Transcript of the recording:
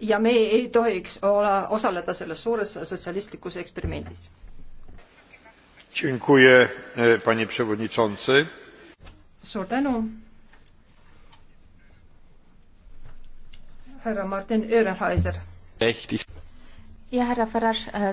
ja me ei tohiks olla, osaleda selles suures sotsialistlikus eksperimendis. E, suur tänu. härra Martin Ehrenhaiser. ja härra Farage,